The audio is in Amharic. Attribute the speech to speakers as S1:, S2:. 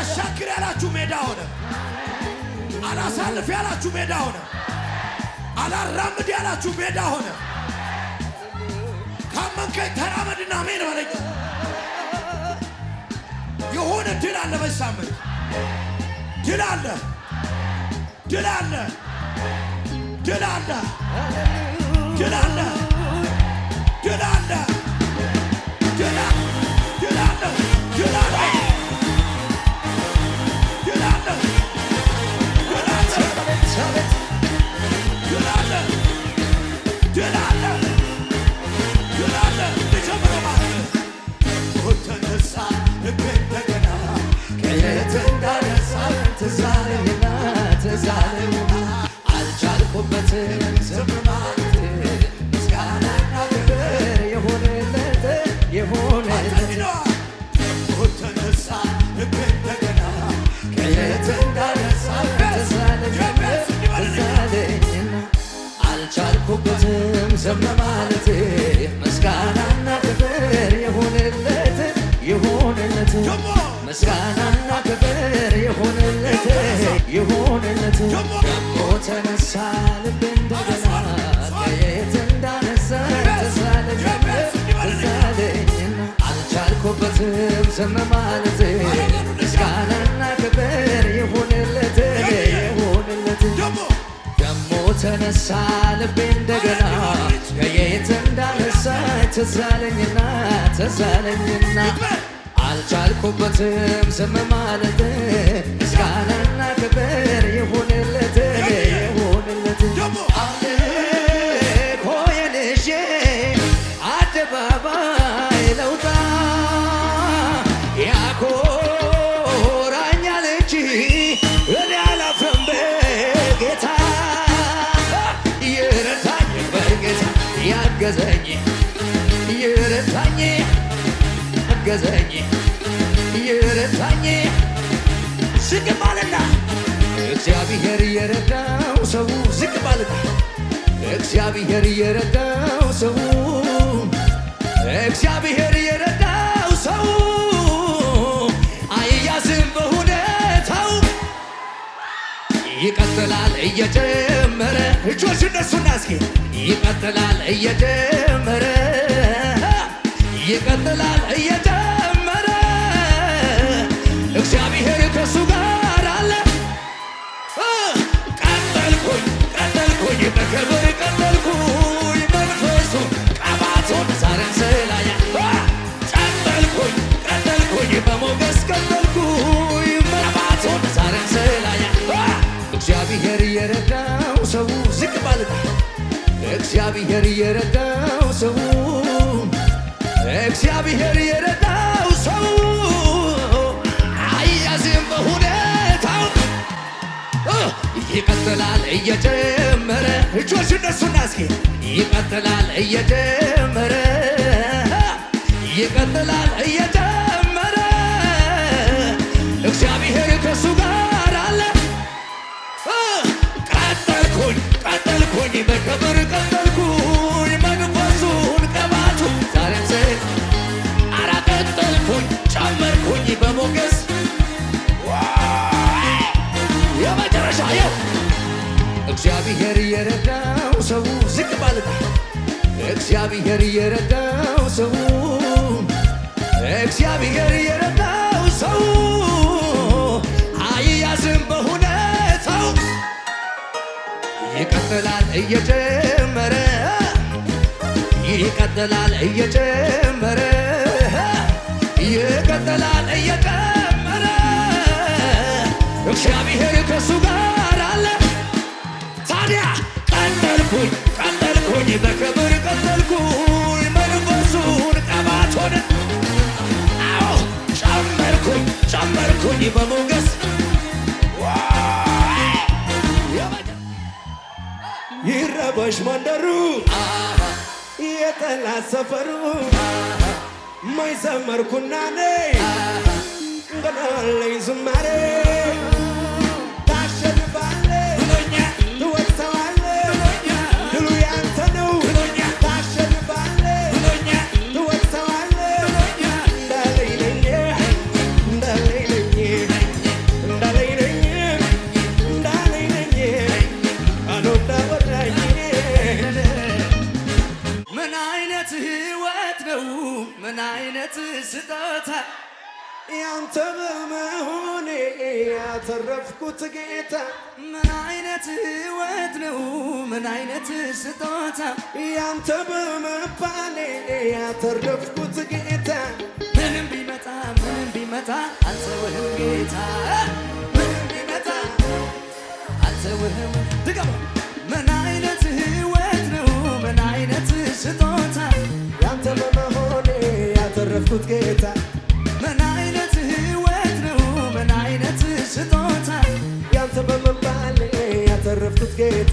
S1: አላሻግር ያላችሁ ሜዳ ሆነ። አላሳልፍ ያላችሁ ሜዳ ሆነ። አላራምድ ያላችሁ ሜዳ ሆነ። ካመንከኝ ተራመድና አሜን በለኝ። የሆነ ድል አለ፣ በዚህ ሳምንት ድል አለ፣ ድል አለ፣ ድል አለ፣ ድል አለ፣ ድል አለ
S2: ዝም ማለት ምስጋናና ክብር ይሁንለት ይሁንለት ምስጋናና ክብር ይሁንለት ይሁንለት ደግሞ ተነሳ ልብ እንደገና ከየት እንዳነሳ ተሳለኝ ተሳለኝና አልቻልኩበትም ዝም ተነሳ ልቤ እንደገና ከየት እንዳነሳ ተዛለኝና ተዛለኝና አልቻልኩበትም ዝም ማለት
S1: ዝቅ ባልና
S2: እግዚአብሔር ሰው ዝቅ ባልና እግዚአብሔር ሰው እግዚአብሔር የረዳው ሰው አይያዝም በሁኔታው ይቀጥላል እየጀመረ
S1: እጆች እነሱና እስኪ
S2: ይቀጥላል እየጀመረ ይቀጥላል እግዚአብሔር ከሱ ጋር አለ። ቀጠልኩኝ ቀጠልኩኝ በክብር ቀጠልኩኝ መንፈሱ ቀባቶን ስላያ ቀጠልኩኝ ቀጠልኩኝ በሞገስ ቀጠልኩኝ ቀባቶን ዛርን ስላያ እግዚአብሔር የረዳው ሰው ዝቅ ባልታ እግዚአብሔር የረዳው ሰው እግዚአብሔር የረዳ ይቀጥላል እየጨመረ
S1: እጆች እነሱና እስኪ
S2: ይቀጥላል እየጀመረ ይቀጥላል እየጨመረ እግዚአብሔር ከእሱ ጋር
S1: የመጨረሻ የው
S2: እግዚአብሔር ሰው ዝቅ እግዚአብሔር እየረዳው ሰው እግዚአብሔር የረዳው ሰው አይያዝም በሁኔታው ይቀጥላል እየጀመረ ይቀጥላል ይቀጥላል እግዚአብሔር ከሱ ጋር አለ። ታዲያ ቀጠልኩኝ ቀጠልኩኝ በክብር ቀጠልኩኝ መንፈሱን ቀባት ሆነ አዎ ጨመርኩኝ ጨመርኩኝ በሞገስ ይረበሽ መንደሩ የጠላት ሰፈሩ ማይዘመርኩና ነይ ገናለኝ ዝማሬ የልደት ስጦታ ያንተ በመሆኔ ያተረፍኩት ጌታ ምን አይነት ሕይወት ነው ምን አይነት ስጦታ ያንተ በመባሌ ያተረፍኩት ጌታ ምንም ቢመጣ ምንም ቢመጣ አልተውህም ጌታ ምንም ቢመጣ አልተውህም ድገሙ ያጡት ጌታ ምን አይነት ህይወት ነው? ምን አይነት ስጦታ ያንተ በመባል ያተረፍኩት ጌታ